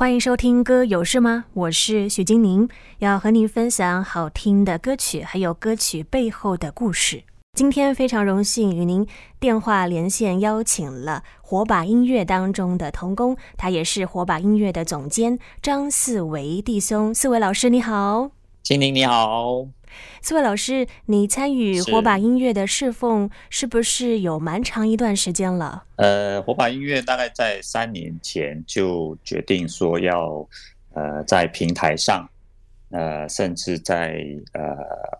歡迎收聽歌《歌有事嗎》，我是許金寧，要和您分享好聽的歌曲，還有歌曲背後的故事。今天非常榮幸與您電話連線，邀請了火把音樂當中的同工，他也是火把音樂的總監張四維弟兄。四維老師，你好。金寧你好。四維老師，你參與火把音樂的侍奉，是不是有蠻長一段時間了？呃，火把音樂大概在三年前就決定說要，呃，在平台上，呃，甚至在呃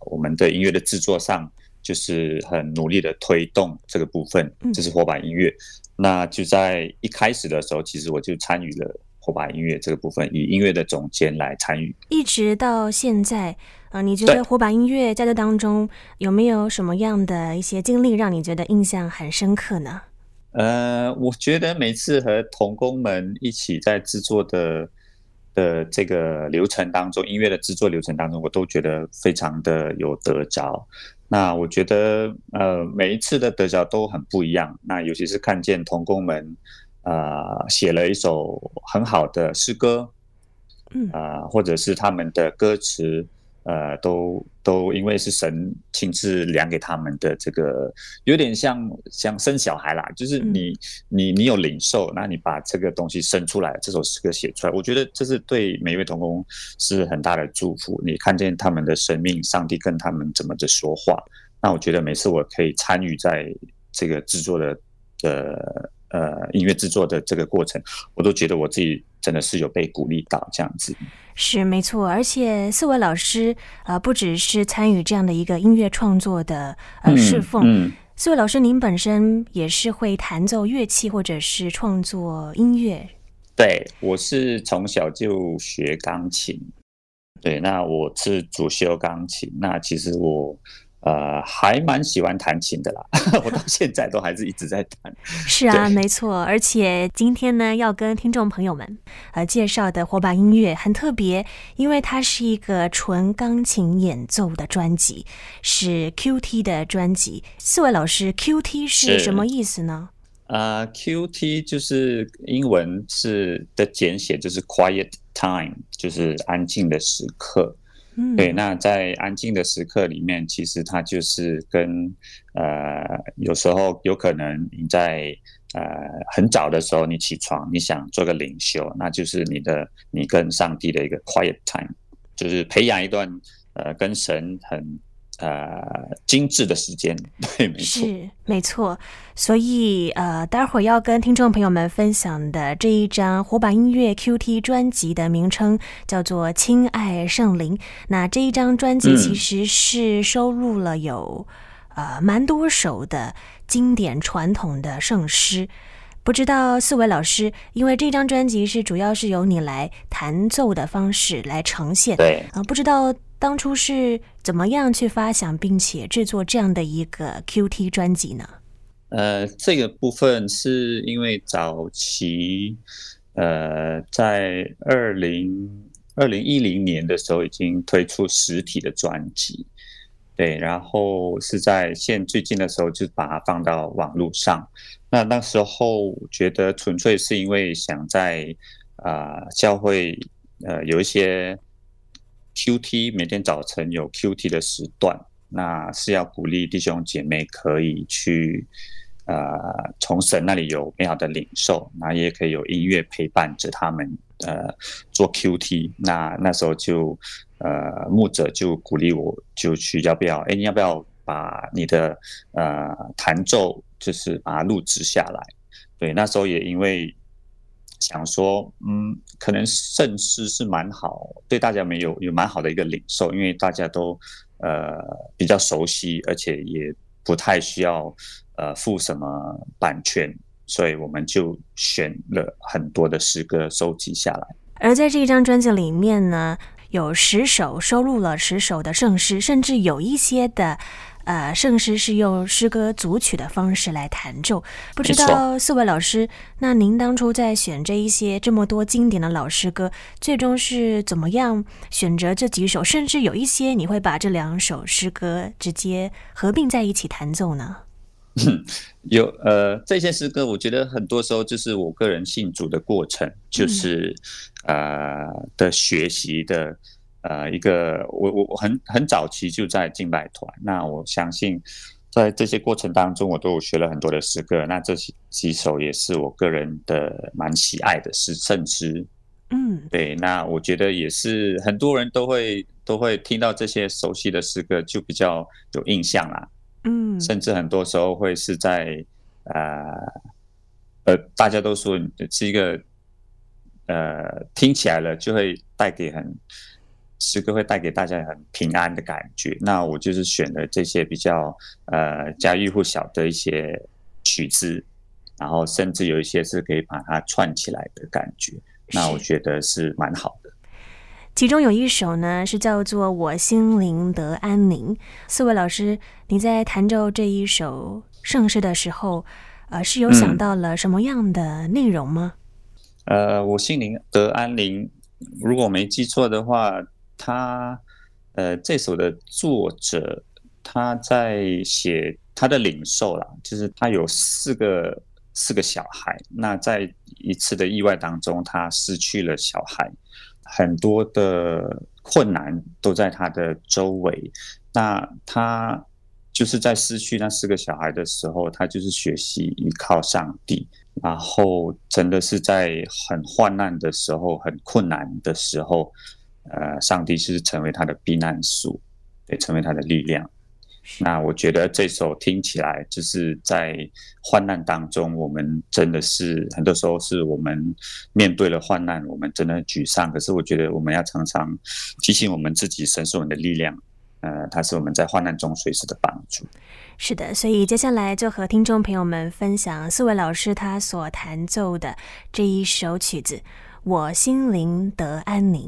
我們的音樂的制作上，就是很努力的推動這個部分。這、就是火把音樂，嗯、那就在一開始的時候，其實我就參與了。火把音樂這個部分，以音樂的總監來參與，一直到現在，啊、呃，你覺得火把音樂在這當中對有沒有什麼樣的一些經歷讓你覺得印象很深刻呢？呃，我覺得每次和同工們一起在制作的的這個流程當中，音樂的制作流程當中，我都覺得非常的有得着。那我覺得，呃，每一次的得着都很不一樣。那尤其是看見同工們。啊，寫、呃、了一首很好的詩歌，嗯，啊，或者是他們的歌詞，呃，都都因為是神親自量給他們的，這個有點像像生小孩啦，就是你你你有領受，那你把這個東西生出來，這首詩歌寫出來，我覺得這是對每一位同工是很大的祝福。你看見他們的生命，上帝跟他們怎麼的說話，那我覺得每次我可以參與在這個制作的的。呃呃，音樂製作的這個過程，我都覺得我自己真的是有被鼓勵到這樣子。是沒錯，而且四維老師啊、呃，不只是參與這樣的一個音樂創作的呃侍奉，嗯嗯、四維老師，您本身也是會彈奏樂器或者是創作音樂？對，我是從小就學鋼琴，對，那我是主修鋼琴，那其實我。呃，還蠻喜歡彈琴的啦， 我到現在都還是一直在彈。 是啊，對沒錯。而且今天呢，要跟聽眾朋友們呃介紹的火把音樂很特別，因為它是一個純鋼琴演奏的專輯，是 QT 的專輯。四維老師，QT 是什麼意思呢？呃，QT 就是英文是的簡寫，就是 Quiet Time，就是安靜的時刻。對，那在安靜的時刻裡面，其實它就是跟，呃，有時候有可能你在呃很早的時候你起床，你想做個靈修，那就是你的你跟上帝的一個 quiet time，就是培養一段呃跟神很。呃，精緻的時間，對，沒錯，沒錯。所以，呃，待會兒要跟聽眾朋友們分享的這一張火把音樂 QT 專輯的名稱叫做《親愛聖靈》。那這一張專輯其實是收錄了有、嗯、呃蠻多首的經典傳統的聖詩。不知道四維老師，因為這張專輯是主要是由你來彈奏的方式來呈現，對啊、呃，不知道。當初是怎麼樣去發想，並且製作這樣的一個 QT 專輯呢？呃，這個部分是因為早期，呃，在二零二零一零年的時候已經推出實體的專輯，對，然後是在現最近的時候就把它放到網絡上。那那時候我覺得純粹是因為想在啊，呃，教會呃有一些。Q T 每天早晨有 Q T 的時段，那是要鼓勵弟兄姐妹可以去，呃，從神那裡有美好的領受，那也可以有音樂陪伴着他們，呃，做 Q T 那。那那時候就，呃，牧者就鼓勵我，就去要不要？哎，你要不要把你的呃彈奏就是把它錄製下來？對，那時候也因為想說，嗯。可能聖詩是蠻好，對大家沒有有蠻好的一個領受，因為大家都呃比較熟悉，而且也不太需要呃付什麼版權，所以我們就選了很多的詩歌收集下來。而在這張專輯裡面呢，有十首收錄了十首的聖詩，甚至有一些的。呃，聖詩、啊、是用詩歌組曲的方式來彈奏。不知道四維老師，沒錯。那您當初在選這一些這麼多經典的老詩歌，最終是怎麼樣選擇這幾首？甚至有一些，你會把這兩首詩歌直接合併在一起彈奏呢？有呃，這些詩歌，我覺得很多時候就是我個人信主的過程，就是啊、嗯呃、的學習的。呃，一個我我我很很早期就在敬拜團，那我相信在這些過程當中，我都有學了很多的詩歌。那這些幾首也是我個人的蠻喜愛的詩，聖詩。嗯，對。那我覺得也是很多人都會都會聽到這些熟悉的詩歌，就比較有印象啦。嗯，甚至很多時候會是在呃呃，大家都說是一個呃，聽起來了就會帶給很。詩歌會帶給大家很平安的感覺。那我就是選了這些比較呃，家喻戶曉的一些曲子，然後甚至有一些是可以把它串起來的感覺。那我覺得是蠻好的。其中有一首呢是叫做《我心靈得安寧》。四維老師，你在彈奏這一首聖詩的時候，呃，是有想到了什麼樣的內容嗎？嗯、呃，我心靈得安寧，如果我沒記錯的話。他，呃，這首的作者他在寫他的領受啦，就是他有四個四個小孩，那在一次的意外當中，他失去了小孩，很多的困難都在他的周圍，那他就是在失去那四個小孩的時候，他就是學習依靠上帝，然後真的是在很患難的時候，很困難的時候。呃，上帝是成為他的避難所，對，成為他的力量。那我覺得這首聽起來就是在患難當中，我們真的是很多時候是我們面對了患難，我們真的沮喪。可是我覺得我們要常常提醒我們自己，神是我們的力量，呃，他是我們在患難中隨時的幫助。是的，所以接下來就和聽眾朋友們分享四維老師他所彈奏的這一首曲子《我心靈得安寧》。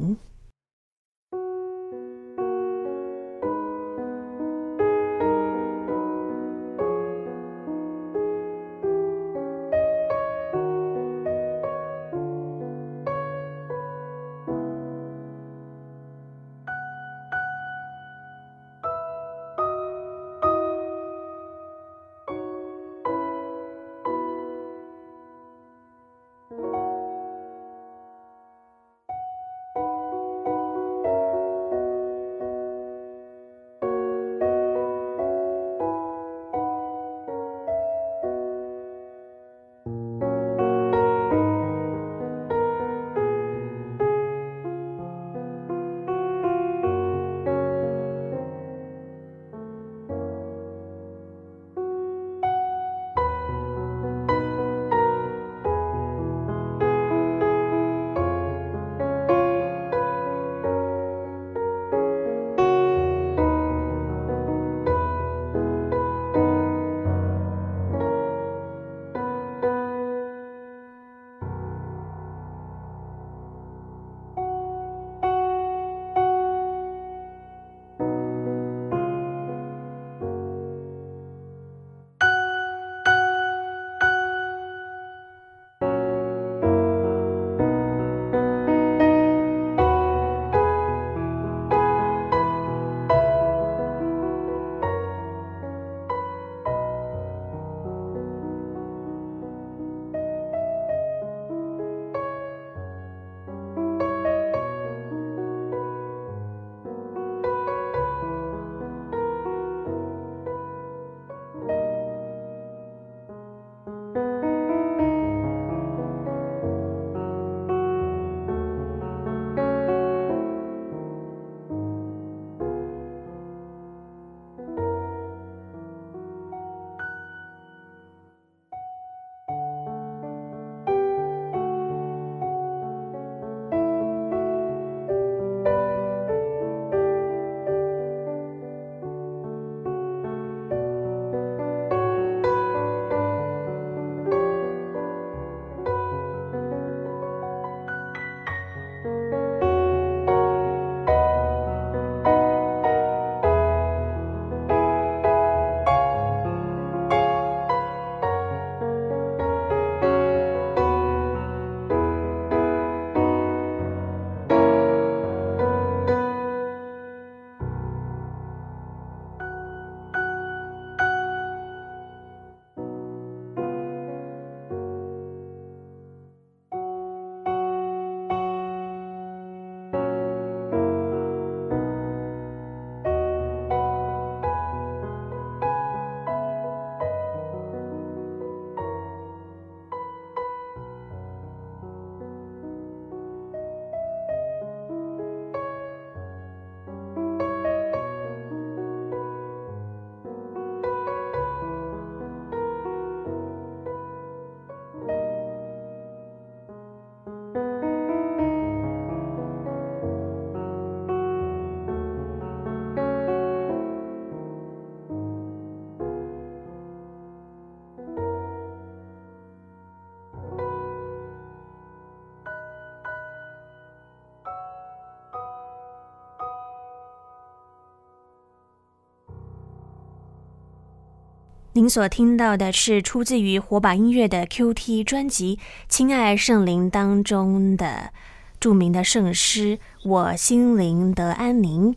您所聽到的是出自於火把音樂的 QT 專輯《親愛聖靈》當中的著名的聖詩《我心靈得安寧》，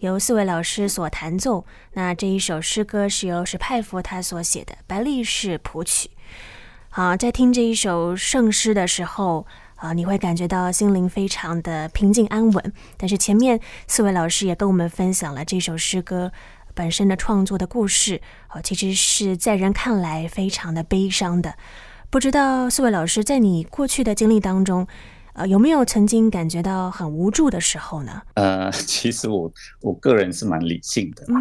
由四位老師所彈奏。那這一首詩歌是由史派夫他所寫的白麗式譜曲。啊，在聽這一首聖詩的時候，啊，你會感覺到心靈非常的平靜安穩。但是前面四位老師也跟我們分享了這首詩歌本身的創作的故事，哦，其實是在人看來非常的悲傷的。不知道四維老師在你過去的經歷當中，呃，有沒有曾經感覺到很無助的時候呢？呃，其實我我個人是蠻理性的，嗯，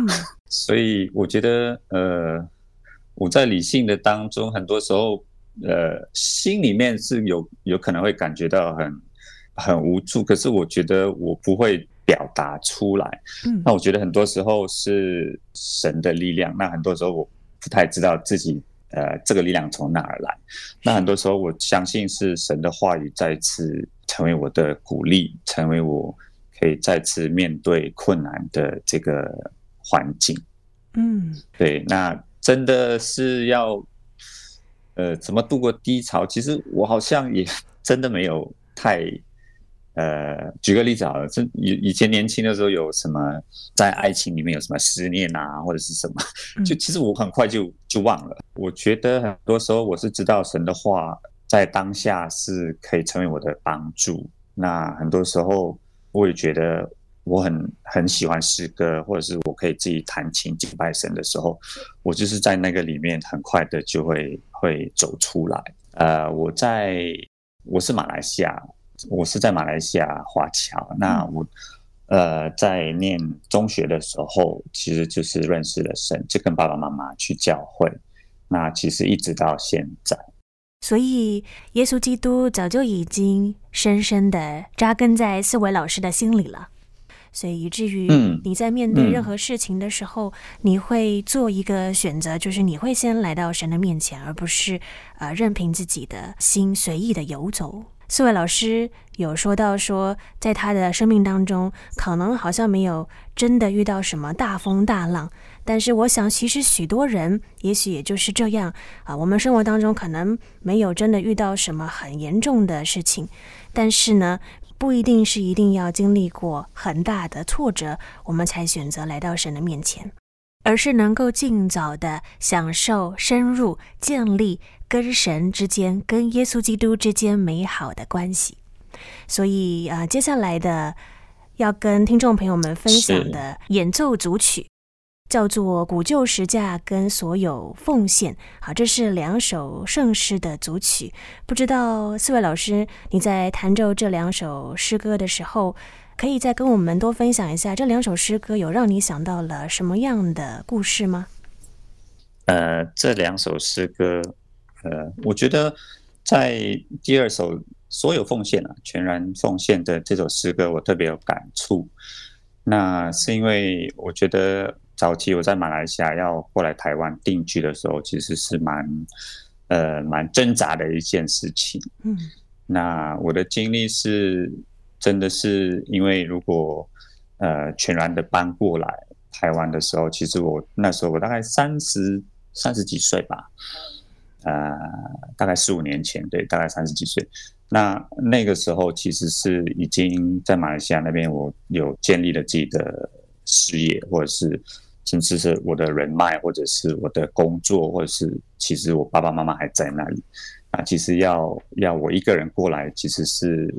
所以我覺得，呃，我在理性的當中，很多時候，呃，心裡面是有有可能會感覺到很很無助，可是我覺得我不會。表達出來，嗯，那我覺得很多時候是神的力量，那很多時候我不太知道自己，呃，這個力量從哪兒來，那很多時候我相信是神的話語再次成為我的鼓勵，成為我可以再次面對困難的這個環境，嗯，對，那真的是要，呃，怎麼度過低潮？其實我好像也真的沒有太。呃，舉個例子好了，這以以前年輕的時候有什麼在愛情裡面有什麼思念啊，或者是什麼，就其實我很快就就忘了。我覺得很多時候我是知道神的話在當下是可以成為我的幫助。那很多時候我也覺得我很很喜歡詩歌，或者是我可以自己彈琴敬拜神的時候，我就是在那個裡面很快的就會會走出來。呃，我在我是馬來西亞。我是在馬來西亞華僑，那我呃在念中學的時候，其實就是認識了神，就跟爸爸媽媽去教會。那其實一直到現在。所以耶穌基督早就已經深深的扎根在四維老師的心裡了，所以以至於你在面對任何事情的時候，嗯嗯、你會做一個選擇，就是你會先來到神的面前，而不是呃任憑自己的心隨意的遊走。四維老師有說到說，在他的生命當中，可能好像沒有真的遇到什麼大風大浪，但是我想，其實許多人也許也就是這樣啊。我們生活當中可能沒有真的遇到什麼很嚴重的事情，但是呢，不一定是一定要經歷過很大的挫折，我們才選擇來到神的面前。而是能夠盡早的享受，深入建立跟神之間，跟耶穌基督之間美好的關係。所以啊，呃，接下來的要跟聽眾朋友們分享的演奏組曲是叫做《古舊十架》跟《所有奉獻》。好，這是兩首聖詩的組曲。不知道四維老師，你在彈奏這兩首詩歌的時候，可以再跟我們多分享一下這兩首詩歌，有讓你想到了什麼樣的故事嗎？呃，這兩首詩歌，呃，我覺得在第二首“所有奉獻啊，全然奉獻”的這首詩歌，我特別有感觸。那是因為我覺得早期我在馬來西亞要過來台灣定居的時候，其實是蠻，呃，蠻掙扎的一件事情。嗯，那我的經歷是。真的是因為，如果呃全然的搬過來台灣的時候，其實我那時候我大概三十三十幾歲吧，呃，大概四五年前對，大概三十幾歲。那那個時候其實是已經在馬來西亞那邊，我有建立了自己的事業，或者是甚至是我的人脈，或者是我的工作，或者是其實我爸爸媽媽還在那裡。啊，其實要要我一個人過來，其實是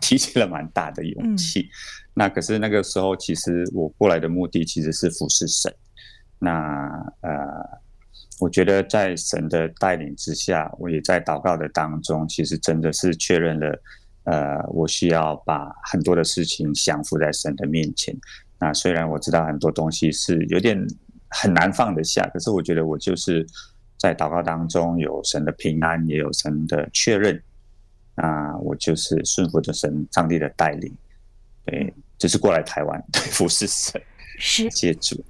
提起了蠻大的勇氣。嗯。那可是那個時候，其實我過來的目的其實是服侍神。那呃，我覺得在神的帶領之下，我也在禱告的當中，其實真的是確認了，呃，我需要把很多的事情降服在神的面前。那雖然我知道很多東西是有點很難放得下，可是我覺得我就是。在禱告當中，有神的平安，也有神的確認。那我就是順服着神、上帝的帶領，對，就是過來台灣，對，服侍神，接主。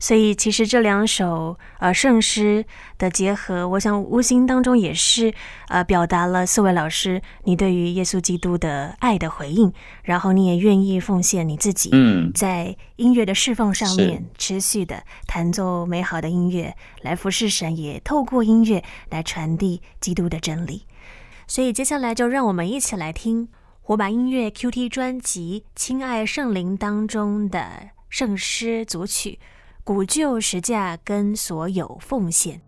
所以，其實這兩首呃、啊、聖詩的結合，我想無形當中也是呃、啊、表達了四維老師你對於耶穌基督的愛的回應，然後你也願意奉獻你自己，在音樂的事奉上面持續的彈奏美好的音樂來服侍神，也透過音樂來傳遞基督的真理。所以接下來就讓我們一起來聽火把音樂 QT 專輯《親愛聖靈》當中的。聖詩組曲，古舊十架跟所有奉獻。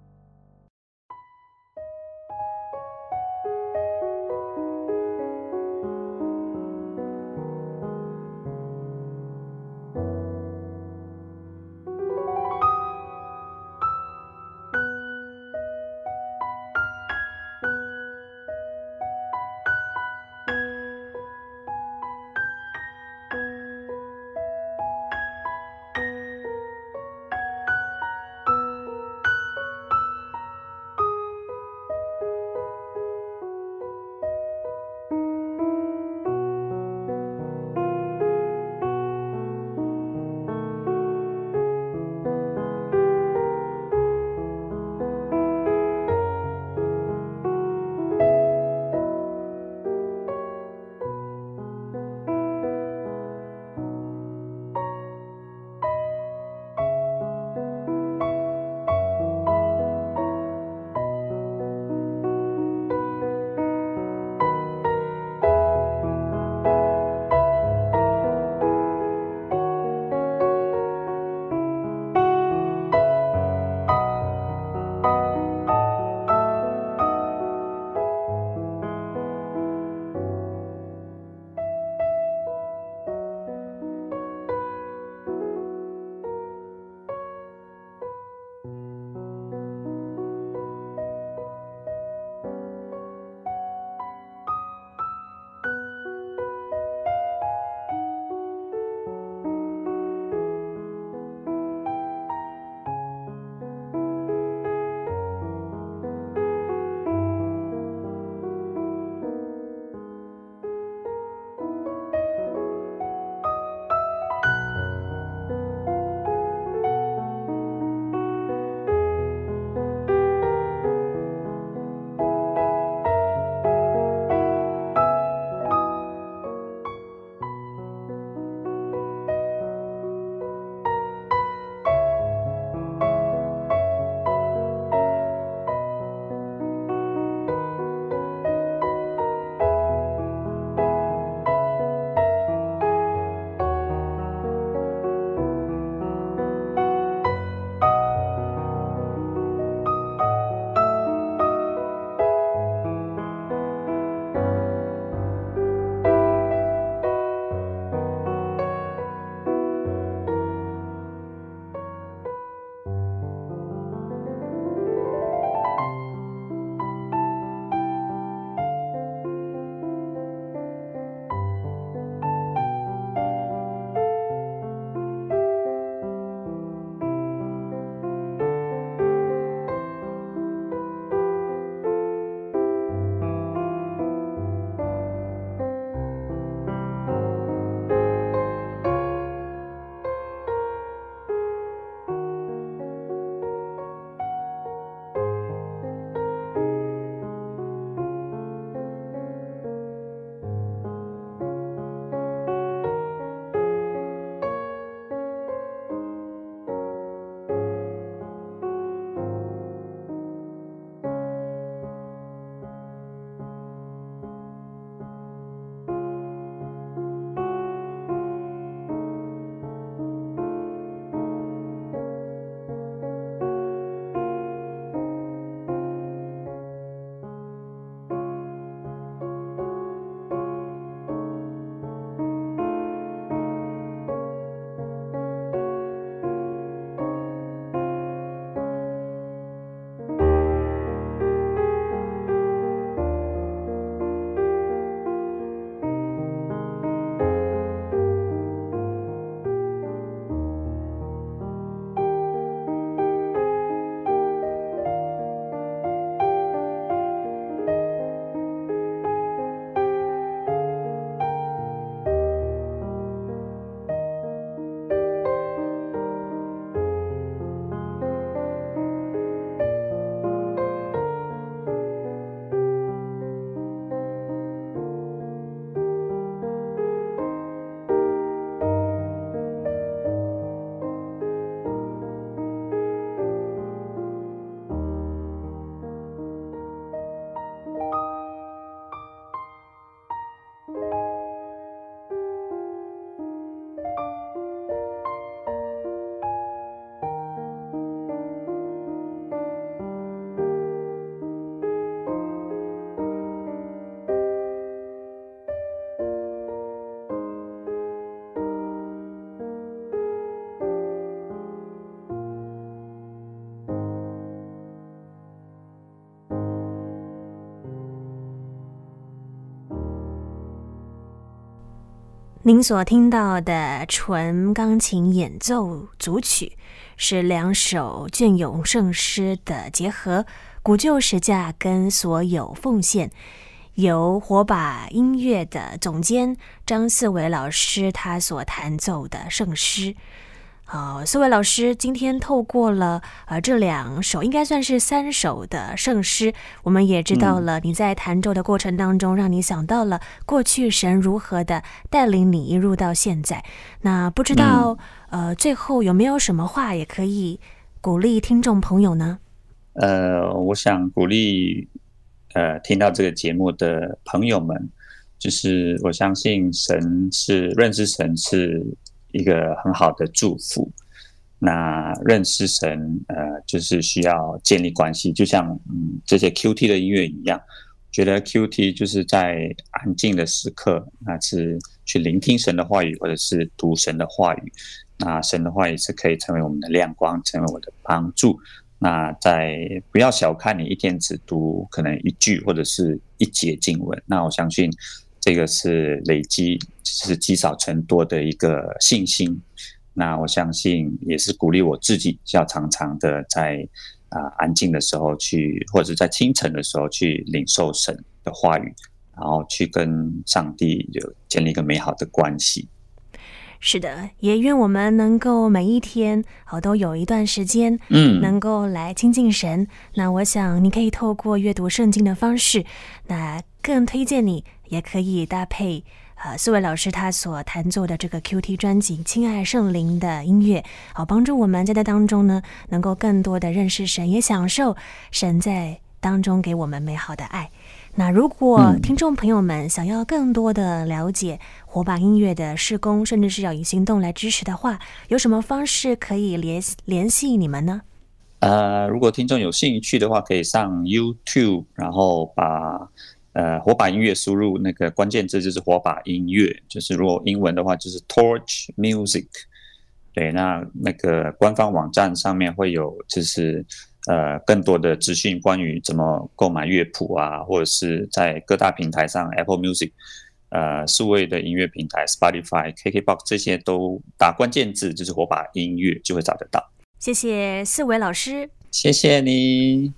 您所聽到的純鋼琴演奏組曲，是兩首雋永聖詩的結合，古舊十架跟所有奉獻，由火把音樂的總監張四維老師他所彈奏的聖詩。好、哦，四維老師，今天透過了呃這兩首，應該算是三首的聖詩，我們也知道了你在彈奏的過程當中，嗯、讓你想到了過去神如何的帶領你一路到現在。那不知道、嗯、呃最後有沒有什麼話也可以鼓勵聽眾朋友呢？呃，我想鼓勵呃聽到這個節目的朋友們，就是我相信神是認識神是。一個很好的祝福。那認識神，呃，就是需要建立關係，就像嗯這些 QT 的音樂一樣。覺得 QT 就是在安靜的時刻，那是去聆聽神的話語，或者是讀神的話語。那神的話語是可以成為我們的亮光，成為我的幫助。那在不要小看你一天只讀可能一句或者是一節經文，那我相信。這個是累積，是積少成多的一個信心。那我相信也是鼓勵我自己，要常常的在啊、呃、安靜的時候去，或者在清晨的時候去領受神的話語，然後去跟上帝有建立一個美好的關係。是的，也願我們能夠每一天哦都有一段時間，嗯，能夠來親近神。嗯、那我想你可以透過閱讀聖經的方式，那更推薦你。也可以搭配呃，四維老師他所彈奏的這個 QT 專輯《親愛聖靈》的音樂，好幫助我們在這當中呢，能夠更多的認識神，也享受神在當中給我們美好的愛。那如果聽眾朋友們想要更多的了解火把音樂的事工，甚至是要以行動來支持的話，有什麼方式可以聯聯繫你們呢？呃，如果聽眾有興趣的話，可以上 YouTube，然後把。呃，火把音樂輸入那個關鍵字就是火把音樂，就是如果英文的話就是 Torch Music。對，那那個官方網站上面會有就是呃更多的資訊關於怎麼購買樂譜啊，或者是在各大平台上 Apple Music 呃、呃數位的音樂平台 Spotify、KKBox 這些都打關鍵字就是火把音樂就會找得到。謝謝四維老師，謝謝你。